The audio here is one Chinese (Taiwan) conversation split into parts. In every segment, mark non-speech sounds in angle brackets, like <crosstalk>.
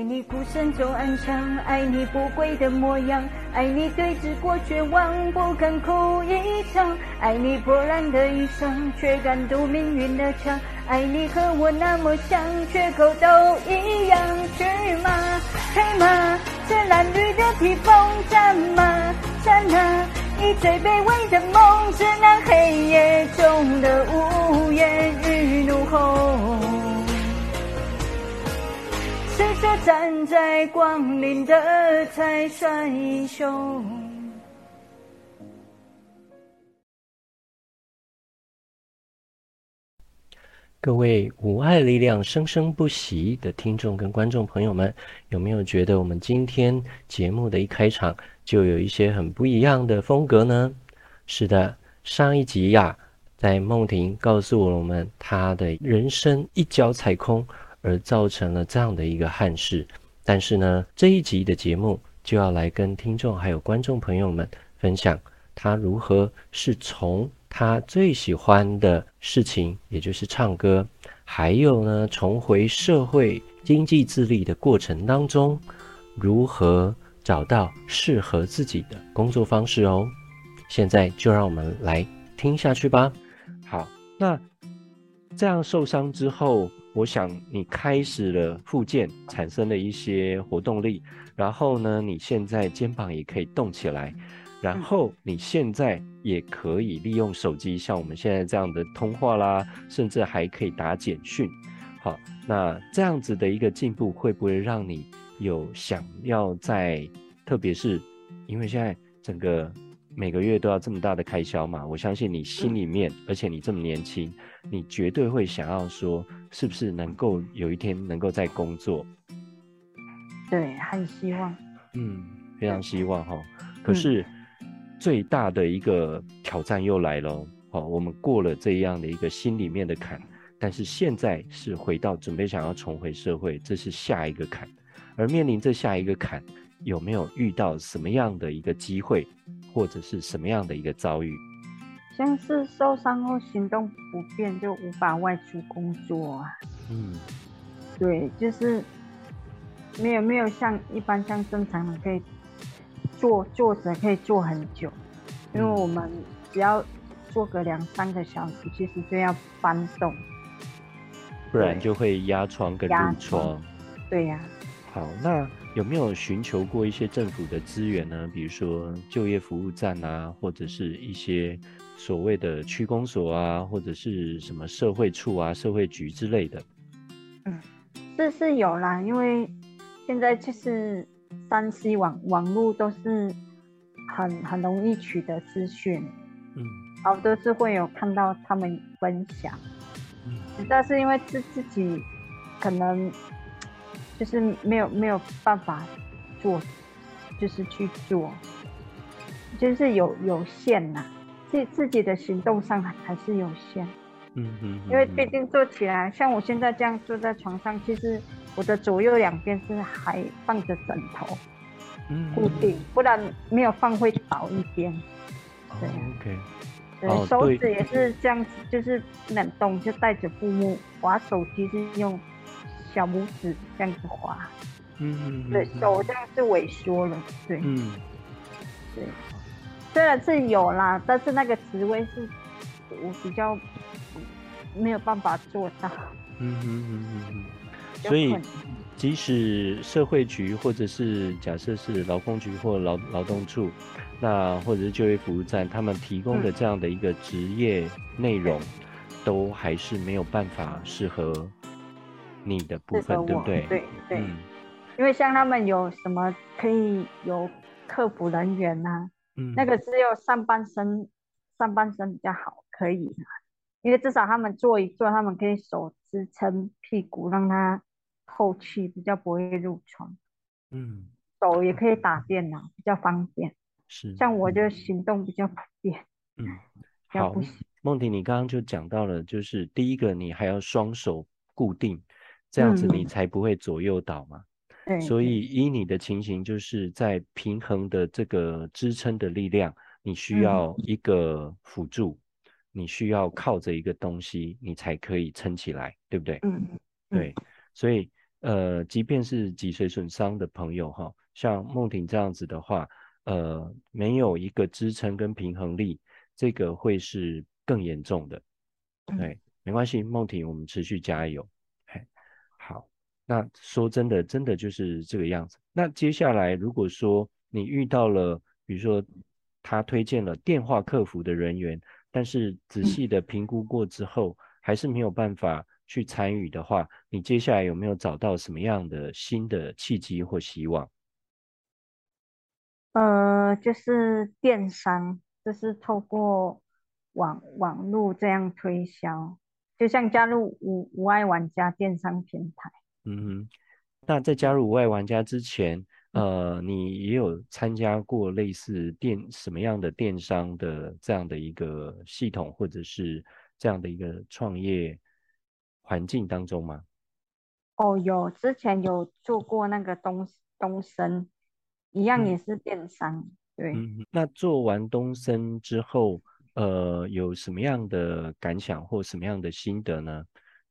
愛你孤身走暗巷，愛你不跪的模樣，愛你對峙過絕望，不肯哭一場。愛你破爛的衣裳，卻敢堵命運的槍。愛你和我那麼像，缺口都一樣。去嗎，配嗎，這襤褸的披風，戰嗎，戰啊，以最卑微的夢，致那黑夜中的嗚咽與怒吼。站在光裡的才算英雄。各位無礙力量生聲不息的聽眾跟觀眾朋友們，有沒有覺得我們今天節目的一開場就有一些很不一樣的風格呢？是的，上一集呀、啊，在夢婷告訴我們，她的人生一腳踩空。而造成了這樣的一個憾事，但是呢，這一集的節目就要來跟聽眾還有觀眾朋友們分享他如何是從他最喜歡的事情，也就是唱歌，還有呢，重回社會經濟自立的過程當中，如何找到適合自己的工作方式哦。現在就讓我們來聽下去吧。好，那這樣受傷之後，我想你開始了復健，產生了一些活動力，然後呢，你現在肩膀也可以動起來，然後你現在也可以利用手機，嗯、像我們現在這樣的通話啦，甚至還可以打簡訊。好，那這樣子的一個進步，會不會讓你有想要在，特別是因為現在整個每個月都要這麼大的開銷嘛？我相信你心裡面，嗯、而且你這麼年輕，你絕對會想要說。是不是能夠有一天能夠在工作？對，很希望。嗯，非常希望哈，哦。可是最大的一個挑戰又來了哦，嗯，哦。我們過了這樣的一個心裡面的坎，但是現在是回到準備想要重回社會，這是下一個坎。而面臨着下一個坎，有沒有遇到什麼樣的一個機會，或者是什麼樣的一個遭遇？但是受傷後行動不便，就無法外出工作啊。嗯，對，就是沒有沒有像一般像正常的可以坐坐着可以坐很久，因為我們只要坐個兩三個小時，其實就要翻動，嗯，對，不然就會壓瘡跟褥瘡。對呀，啊。好，那有沒有尋求過一些政府的資源呢？比如說就業服務站啊，或者是一些。所謂的區公所啊，或者是什麼社會處啊、社會局之類的，嗯，是是有啦，因為現在就是三 C 網網絡都是很很容易取得資訊，嗯，好多是會有看到他們分享，嗯，但是因為自自己可能就是沒有沒有辦法做，就是去做，就是有有限吶，自己自己的行動上還還是有限，嗯,哼嗯,哼嗯因為畢竟坐起來，像我現在這樣坐在床上，其實我的左右兩邊是還放着枕頭，固定，嗯嗯不然沒有放會倒一邊。哦、對、啊、，OK。對。哦、手指也是這樣子，對就是冷凍，就帶着布幕滑手機，就用小拇指這樣子滑。嗯,哼嗯,哼嗯。對，手這樣是萎縮了，對。嗯。對。雖然是有啦，但是那個職位是我比較沒有辦法做到。嗯哼嗯嗯嗯嗯。所以，即使社會局或者是假設是勞工局或勞勞動處，那或者是就業服務站，他們提供的這樣的一個職業內容，都還是沒有辦法適合你的部分，對不對？對對。對嗯、因為像他們有什麼可以有客服人員啊。那個只有上半身，上半身比較好，可以，因為至少他們坐一坐，他們可以手支撐屁股，讓它透氣，比較不會褥瘡。嗯，手也可以打電腦，比較方便。是，像我就行動比較不便。嗯，不行。好，夢婷，你剛剛就講到了，就是第一個，你還要雙手固定，這樣子你才不會左右倒嘛。嗯所以，依你的情形，就是在平衡的這個支撐的力量，你需要一個輔助，嗯，你需要靠着一個東西，你才可以撐起來，對不對？嗯，嗯對。所以，呃，即便是脊髓損傷的朋友哈，像夢婷這樣子的話，呃，沒有一個支撐跟平衡力，這個會是更嚴重的。對，沒關係，夢婷，我們持續加油。那說真的，真的就是這個樣子。那接下來，如果說你遇到了，比如說他推薦了電話客服的人員，但是仔細的評估過之後，嗯、還是沒有辦法去參與的話，你接下來有沒有找到什麼樣的新的契機或希望？呃，就是電商，就是透過網網路這樣推銷，就像加入無無礙玩家電商平台。嗯哼，那在加入無礙玩家之前，呃，你也有參加過類似電什麼樣的電商的這樣的一個系統，或者是這樣的一個創業環境當中嗎？哦，有，之前有做過那個東東升，一樣也是電商。嗯、對、嗯哼，那做完東升之後，呃，有什麼樣的感想或什麼樣的心得呢？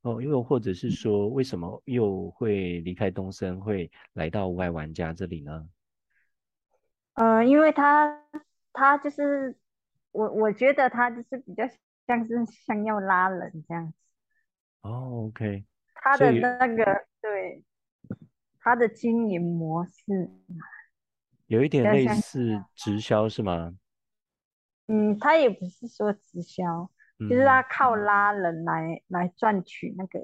哦，又或者是說，為什麼又會離開東森，會來到無礙玩家這裡呢？嗯、呃，因為他，他就是我，我覺得他就是比較像是想要拉人這樣子。哦，OK。他的那個以對， <laughs> 他的經營模式有一點類似直銷是嗎？嗯，他也不是說直銷。就是他靠拉人來、嗯、來賺取那個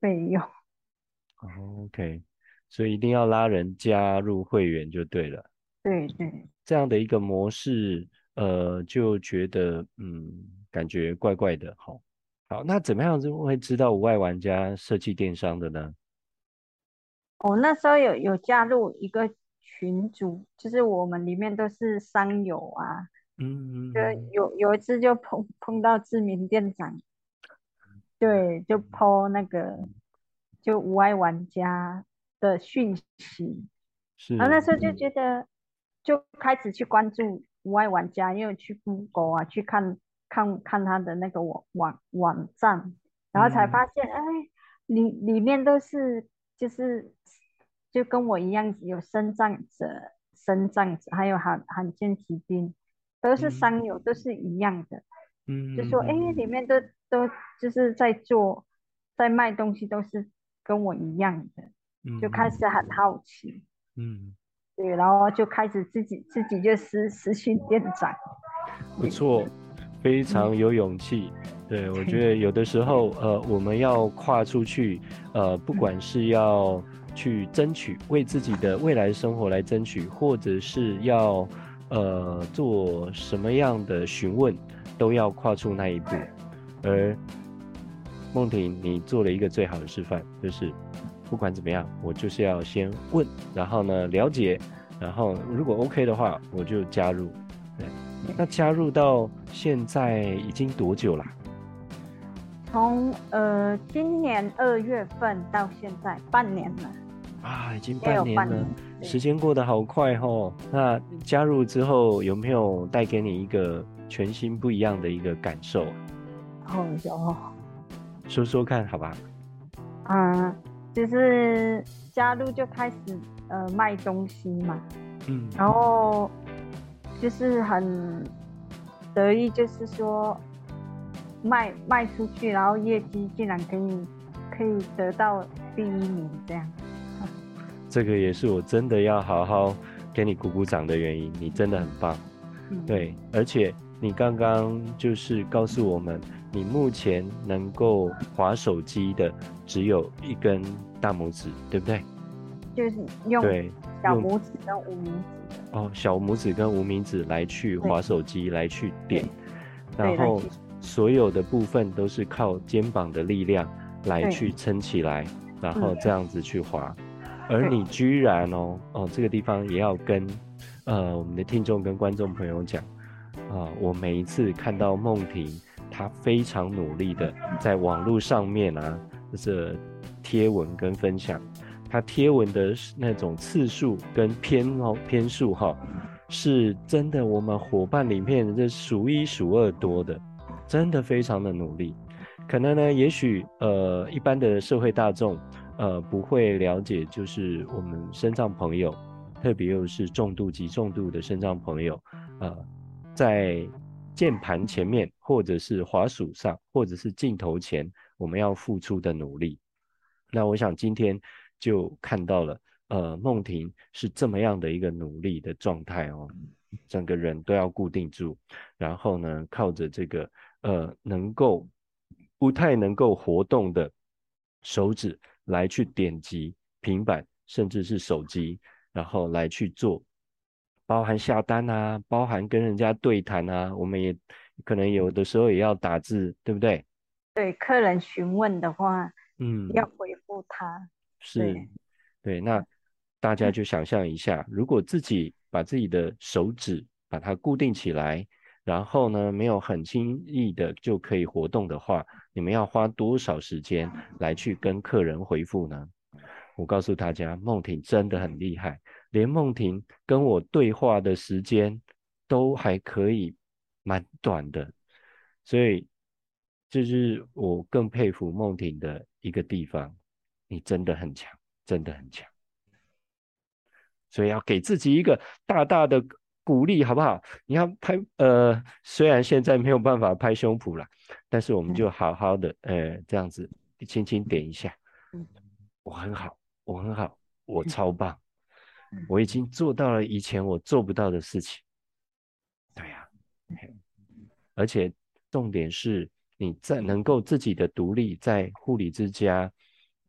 費用。OK，所以一定要拉人加入會員就對了。對對，這樣的一個模式，呃，就覺得嗯，感覺怪怪的。好、哦，好，那怎麼樣就會知道無礙玩家設計電商的呢？我、哦、那時候有有加入一個群組，就是我們裡面都是商友啊。嗯，就有有一次就碰碰到知名店長，對，就 po 那個就無礙玩家的訊息，是然後那時候就覺得、嗯、就開始去關注無礙玩家，因為去 Google 啊，去看看看他的那個網網網站，然後才發現，嗯、哎，裡裡面都是就是就跟我一樣有身障者、身障者，還有罕罕見疾病。都是商友，嗯、都是一樣的，嗯，就說哎、欸，裡面都都就是在做，在賣東西，都是跟我一樣的，嗯，就開始很好奇，嗯，對，然後就開始自己自己就實實訓店長，不錯錯，對非常有勇氣，嗯、對，我覺得有的時候呃，我們要跨出去，呃，不管是要去爭取為自己的未來的生活來爭取，或者是要。呃，做什麼樣的詢問，都要跨出那一步。而夢婷，你做了一個最好的示範，就是不管怎麼樣，我就是要先問，然後呢，了解，然後如果 OK 的話，我就加入，對。那加入到現在已經多久了？從呃今年二月份到現在，半年了。啊，已經半年了，年時間過得好快哦。那加入之後有沒有帶給你一個全新不一樣的一個感受？哦，有。說說看好吧。啊、呃，就是加入就開始呃賣東西嘛，嗯，然後就是很得意，就是說賣賣出去，然後業績竟然可以可以得到第一名這樣。這個也是我真的要好好給你鼓鼓掌的原因，你真的很棒，嗯、對。而且你剛剛就是告訴我們，嗯、你目前能夠滑手機的只有一根大拇指，對不對？就是用對小拇指跟無名指哦，小拇指跟無名指來去滑手機，對來去點，然後所有的部分都是靠肩膀的力量來去撐起來，對然後這樣子去滑。嗯而你居然哦哦，這個地方也要跟，呃，我們的聽眾跟觀眾朋友講，啊，我每一次看到夢婷，她非常努力的在網絡上面啊，這貼文跟分享，她貼文的那種次數跟篇哦篇數哈，是真的我們夥伴裡面這數一數二多的，真的非常的努力。可能呢，也許呃，一般的社會大眾。呃，不會了解，就是我們身障朋友，特別又是重度及重度的身障朋友，呃，在鍵盤前面，或者是滑鼠上，或者是鏡頭前，我們要付出的努力。那我想今天就看到了，呃，夢婷是這麼樣的一個努力的狀態哦，整個人都要固定住，然後呢，靠着這個呃，能夠不太能夠活動的手指。來去點擊平板，甚至是手機，然後來去做，包含下單啊，包含跟人家對談啊，我們也可能有的時候也要打字，對不對？對，客人詢問的話，嗯，要回復他。是，對，對，那大家就想象一下，嗯，如果自己把自己的手指把它固定起來。然後呢，沒有很輕易的就可以活動的話，你們要花多少時間來去跟客人回復呢？我告訴大家，夢婷真的很厲害，連夢婷跟我對話的時間都還可以蠻短的，所以這是我更佩服夢婷的一個地方。你真的很強，真的很強，所以要給自己一個大大的鼓勵好不好？你要拍呃，雖然現在沒有辦法拍胸脯了，但是我們就好好的，哎、呃，這樣子輕輕點一下。我很好，我很好，我超棒，我已經做到了以前我做不到的事情。對呀、啊，而且重點是你在能夠自己的獨立在護理之家，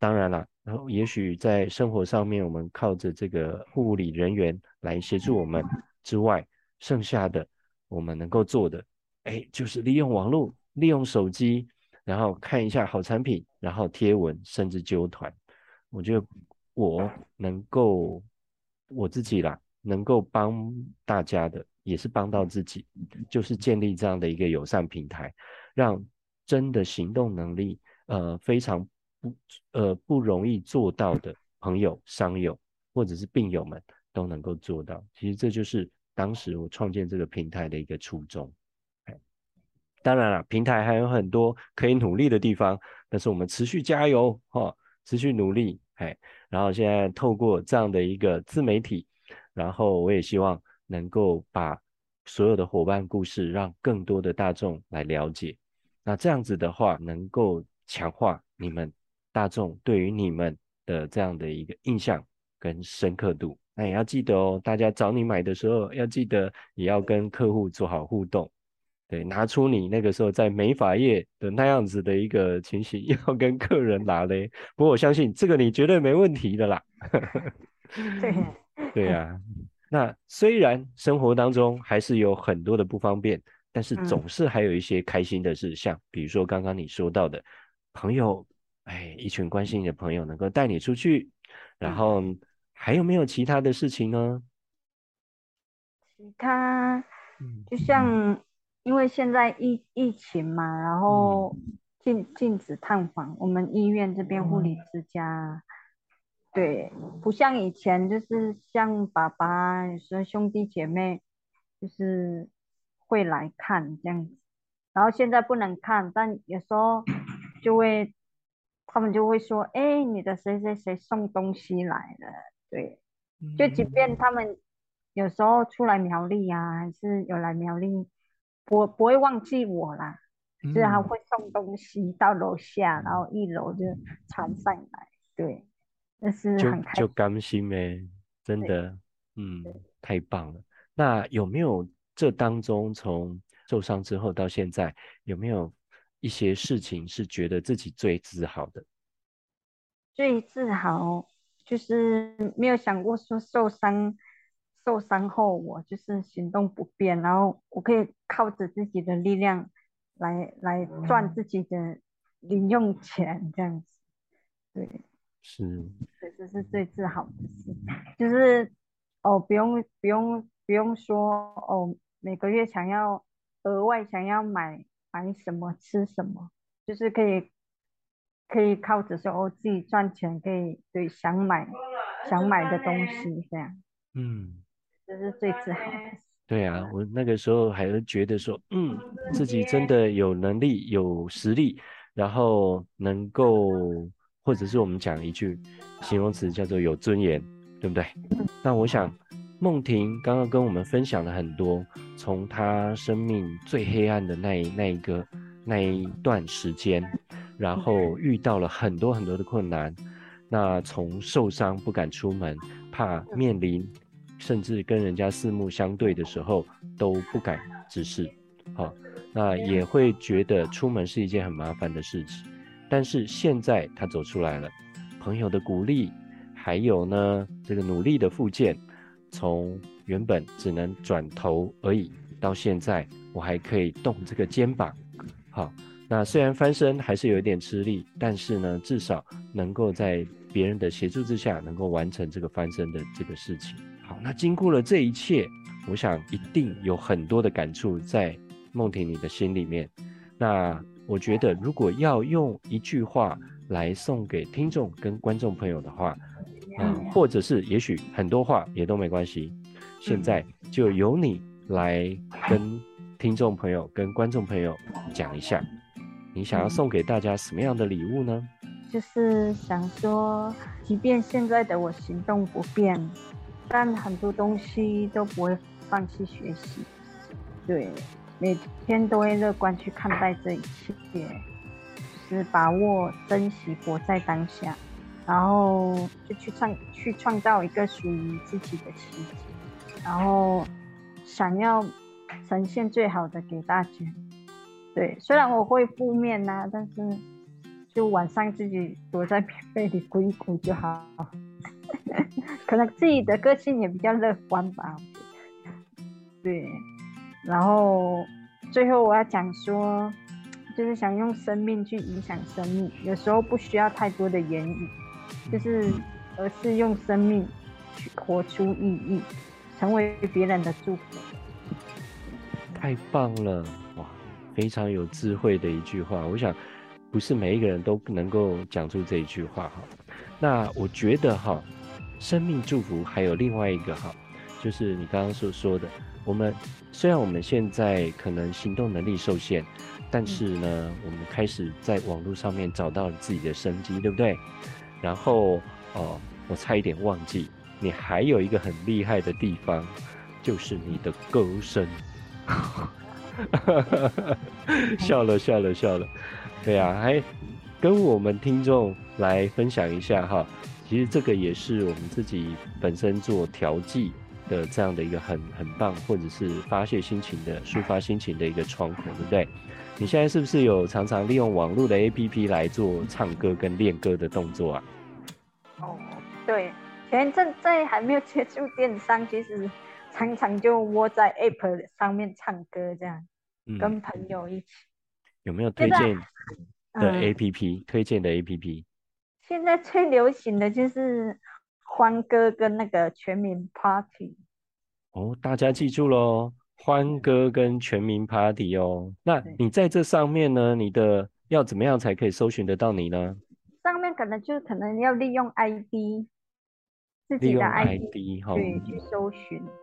當然了，然後也許在生活上面，我們靠着這個護理人員來協助我們。之外，剩下的我們能夠做的，哎，就是利用網絡，利用手機，然後看一下好產品，然後貼文，甚至揪團。我覺得我能夠我自己啦，能夠幫大家的，也是幫到自己，就是建立這樣的一個友善平台，讓真的行動能力呃非常不呃不容易做到的朋友、商友或者是病友們。都能夠做到，其實這就是當時我創建這個平台的一個初衷。哎，當然了，平台還有很多可以努力的地方，但是我們持續加油哦，持續努力。哎，然後現在透過這樣的一個自媒體，然後我也希望能夠把所有的夥伴故事，讓更多的大眾來了解。那這樣子的話，能夠強化你們大眾對於你們的這樣的一個印象跟深刻度。那也要記得哦，大家找你買的時候要記得也要跟客戶做好互動，對，拿出你那個時候在美髮業的那樣子的一個情形，要跟客人拿嘞。不過我相信這個你絕對沒問題的啦。 <laughs> <laughs> 對，對呀。那雖然生活當中還是有很多的不方便，但是總是還有一些開心的事，像比如說剛剛你說到的，朋友，哎，一群關心你的朋友能夠帶你出去，然後。還有沒有其他的事情呢？其他，就像因為現在疫疫情嘛，然後禁禁止探訪，我們醫院這邊護理之家，嗯、對，不像以前，就是像爸爸，有時候兄弟姐妹就是會來看這樣子，然後現在不能看，但有時候就會他們就會說，哎、欸，你的誰誰誰送東西來了。對，就即便他們有時候出來苗栗啊，還是有來苗栗，不不會忘記我啦。嗯，所以他會送東西到樓下，然後一樓就傳上來。對，那是很開心，就就甘心誒，真的，對嗯，對太棒了。那有沒有這當中從受傷之後到現在，有沒有一些事情是覺得自己最自豪的？最自豪。就是沒有想過說受傷，受傷後我就是行動不便，然後我可以靠着自己的力量來來賺自己的零用錢這樣子，對，是，對，這是最自豪的事，嗯、就是哦，不用不用不用說哦，每個月想要額外想要買買什麼吃什麼，就是可以。可以靠着說哦自己賺錢，可以對，想買想買的東西這樣，嗯，這是最自豪的事。嗯，對啊，我那個時候還是覺得說，嗯，自己真的有能力有實力，然後能夠或者是我們講一句形容詞叫做有尊嚴，對不對？那我想夢婷剛剛跟我們分享了很多，從她生命最黑暗的那那一個那一段時間。然後遇到了很多很多的困難，那從受傷不敢出門，怕面臨，甚至跟人家四目相對的時候都不敢直視，好、哦，那也會覺得出門是一件很麻煩的事情。但是現在他走出來了，朋友的鼓勵，還有呢，這個努力的復健，從原本只能轉頭而已，到現在我還可以動這個肩膀，好、哦。那雖然翻身還是有一點吃力，但是呢，至少能夠在別人的協助之下，能夠完成這個翻身的這個事情。好，那經過了這一切，我想一定有很多的感觸在夢婷你的心裡面。那我覺得，如果要用一句話來送給聽眾跟觀眾朋友的話，嗯，或者是也許很多話也都沒關係。現在就由你來跟聽眾朋友、跟觀眾朋友講一下。你想要送給大家什麼樣的禮物呢？嗯，就是想說，即便現在的我行動不便，但很多東西都不會放棄學習。對，每天都會樂觀去看待這一切，就是把握、珍惜、活在當下，然後就去創、去創造一個屬於自己的奇迹，然後想要呈現最好的給大家。對，雖然我會負面吶、啊，但是就晚上自己躲在被裡哭一哭就好。 <laughs> 可能自己的個性也比較樂觀吧。對，然後最後我要講說，就是想用生命去影響生命，有時候不需要太多的言語，就是而是用生命去活出意義，成為別人的祝福。太棒了。非常有智慧的一句話，我想，不是每一個人都能夠講出這一句話哈。那我覺得哈，生命祝福還有另外一個哈，就是你剛剛所說的，我們雖然我們現在可能行動能力受限，但是呢，我們開始在網絡上面找到了自己的生機，對不對？然後哦，我差一點忘記，你還有一個很厲害的地方，就是你的歌聲。 <laughs> 哈哈哈哈哈！笑了笑了笑了，對啊，還跟我們聽眾來分享一下哈。其實這個也是我們自己本身做調劑的這樣的一個很很棒，或者是發洩心情的、抒發心情的一個窗口，對不對？你現在是不是有常常利用網絡的 APP 來做唱歌跟練歌的動作啊？哦，對，以前在在還沒有接觸電商，其實。常常就窩在 App 上面唱歌，這樣、嗯、跟朋友一起。有沒有推薦的 App？、嗯、推薦的 App？現在最流行的就是歡歌跟那個全民 Party。哦，大家記住嘍、哦，歡歌跟全民 Party 哦。嗯、那你在這上面呢？你的要怎麼樣才可以搜尋得到你呢？上面可能就可能要利用 ID，自己的 ID 對，用去搜尋。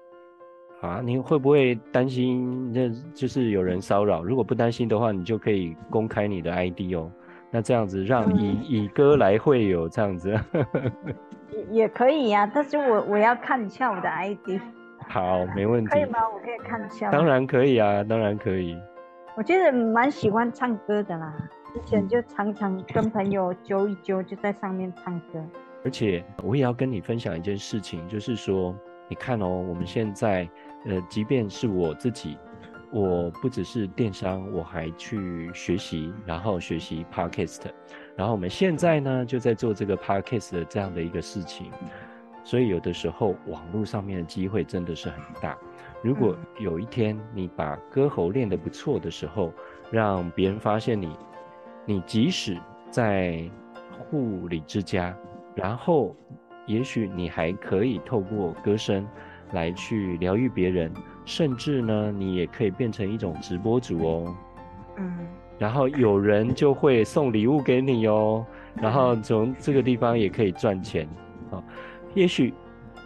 啊，你會不會擔心？那就是有人騷擾。如果不擔心的話，你就可以公開你的 ID 哦。那這樣子讓以、嗯、以歌來會友這樣子， <laughs> 也可以呀、啊。但是我我要看一下我的 ID。好，沒問題。可以嗎？我可以看一下。當然可以啊，當然可以。我其實蠻喜歡唱歌的啦，之前就常常跟朋友揪一揪，就在上面唱歌。而且我也要跟你分享一件事情，就是說，你看哦，我們現在。呃，即便是我自己，我不只是電商，我還去學習，然後學習 Podcast，然後我們現在呢就在做這個 Podcast 的這樣的一個事情，所以有的時候網絡上面的機會真的是很大。如果有一天你把歌喉練得不錯的時候，讓別人發現你，你即使在護理之家，然後也許你還可以透過歌聲。來去療癒別人，甚至呢，你也可以變成一種直播主哦。嗯，然後有人就會送禮物給你哦。然後從這個地方也可以賺錢啊、哦。也許，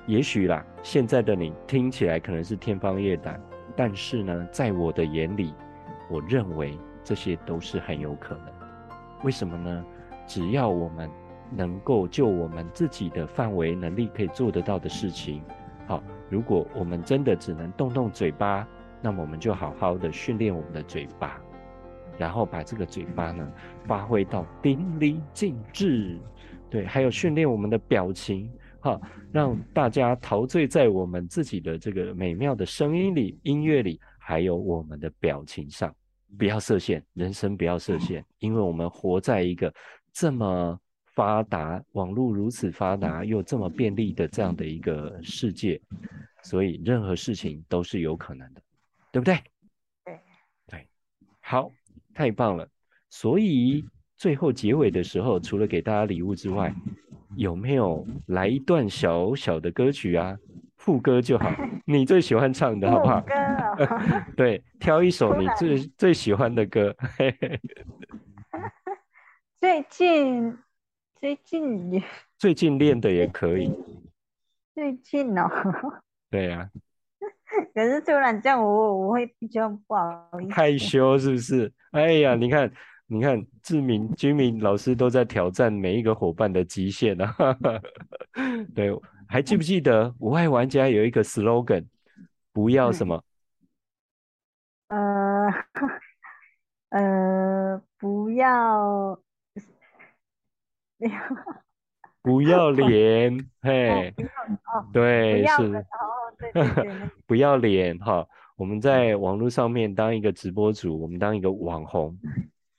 也許啦，現在的你聽起來可能是天方夜譚，但是呢，在我的眼裡，我認為這些都是很有可能的。為什麼呢？只要我們能夠就我們自己的範圍能力可以做得到的事情，好、哦。如果我們真的只能動動嘴巴，那麼我們就好好的訓練我們的嘴巴，然後把這個嘴巴呢發揮到淋漓盡致。對，還有訓練我們的表情，哈，讓大家陶醉在我們自己的這個美妙的聲音裡、音樂裡，還有我們的表情上。不要設限，人生不要設限，因為我們活在一個這麼。發達，網絡如此發達，又這麼便利的這樣的一個世界，所以任何事情都是有可能的，對不對？對，對。好，太棒了！所以最後結尾的時候，除了給大家禮物之外，有沒有來一段小小的歌曲啊？副歌就好，你最喜歡唱的好不好？副歌哦、 <laughs> 對，挑一首你最最喜歡的歌， <laughs> 最近。最近也最近練的也可以。最近，最近哦。對呀、啊。 <laughs> 可是突然叫我我會比較不好意思。害羞是不是？哎呀，你看，你看，志明、軍明老師都在挑戰每一個伙伴的極限了、啊。 <laughs> 對，還記不記得無礙玩家有一個 slogan？不要什麼？嗯、呃呃，不要。 <laughs> 不要臉，嘿是、oh, <laughs> 對，是， <laughs> 不要臉哈。Oh, <laughs> 我們在網絡上面當一個直播主，我們當一個網紅。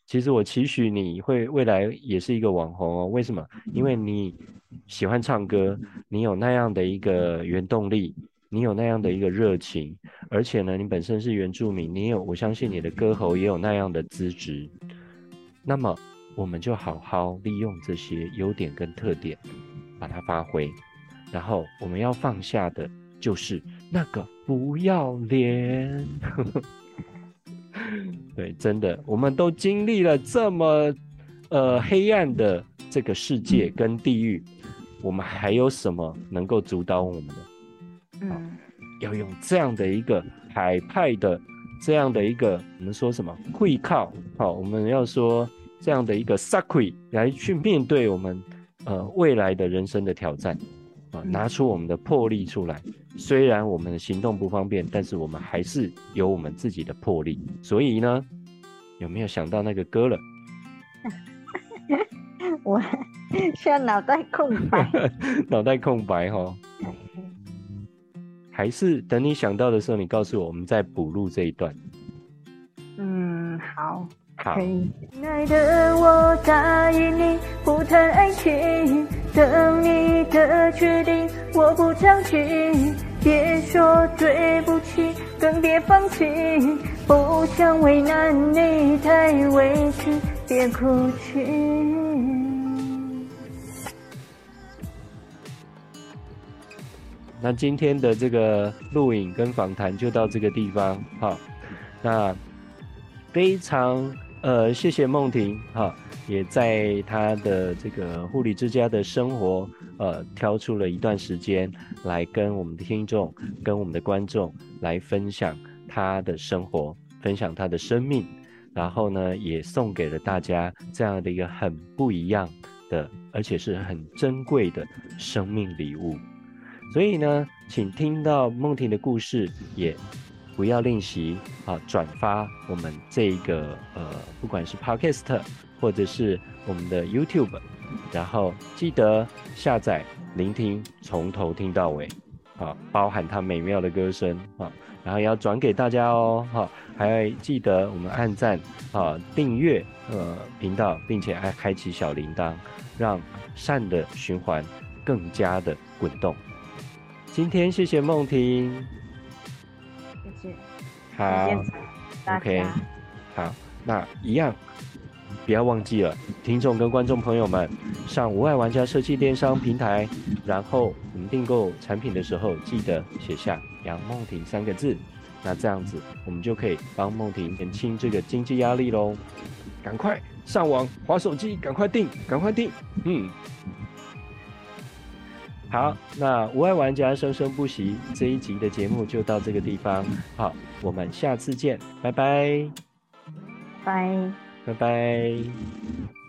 其實我期許你會未來也是一個網紅哦。為什麼？因為你喜歡唱歌，你有那樣的一個原動力，你有那樣的一個熱情，而且呢，你本身是原住民，你有，我相信你的歌喉也有那樣的資質。 <laughs> 那麼。我們就好好利用這些優點跟特點，把它發揮，然後我們要放下的就是那個不要臉。 <laughs> 對，真的，我們都經歷了這麼呃黑暗的這個世界跟地獄，嗯、我們還有什麼能夠阻擋我們的？嗯，好，要用這樣的一個海派的這樣的一個，我們說什麼會靠？好，我們要說。這樣的一個 suckery 來去面對我們呃未來的人生的挑戰啊、呃，拿出我們的魄力出來。雖然我們的行動不方便，但是我們還是有我們自己的魄力。所以呢，有沒有想到那個歌了？ <laughs> 我，現在腦袋空白， <laughs> <laughs> 腦袋空白哈、哦。還是等你想到的時候，你告訴我，我們再補錄這一段。嗯，好。好。親愛的，我答應你不談愛情，等你的決定，我不強求。別說對不起，更別放棄，不想為難你，太委屈，別哭泣。那今天的這個錄影跟訪談就到這個地方。好、哦，那非常。呃，謝謝夢婷哈、啊，也在她的這個護理之家的生活，呃，挑出了一段時間來跟我們的聽眾、跟我們的觀眾來分享她的生活，分享她的生命，然後呢，也送給了大家這樣的一個很不一樣的，而且是很珍貴的生命禮物。所以呢，請聽到夢婷的故事也。不要吝惜啊！哦、轉發我們這一個呃，不管是 Podcast 或者是我們的 YouTube，然後記得下載聆聽，從頭聽到尾，啊、哦，包含她美妙的歌聲啊、哦，然後也要轉給大家哦，哈、哦，還要記得我們按讚啊，哦、訂閱呃頻道，並且還開啟小鈴鐺，讓善的循環更加的滾動。今天謝謝夢婷。好，OK，好，那一樣，不要忘記了，聽眾跟觀眾朋友們，上無礙玩家社企電商平台，然後我們訂購產品的時候，記得寫下楊夢婷三個字，那這樣子，我們就可以幫夢婷減輕這個經濟壓力嘍，趕快上網，滑手機，趕快訂，趕快訂，嗯。好，那無礙玩家生聲不息，這一集的節目就到這個地方。好，我們下次見，拜拜，拜拜拜拜。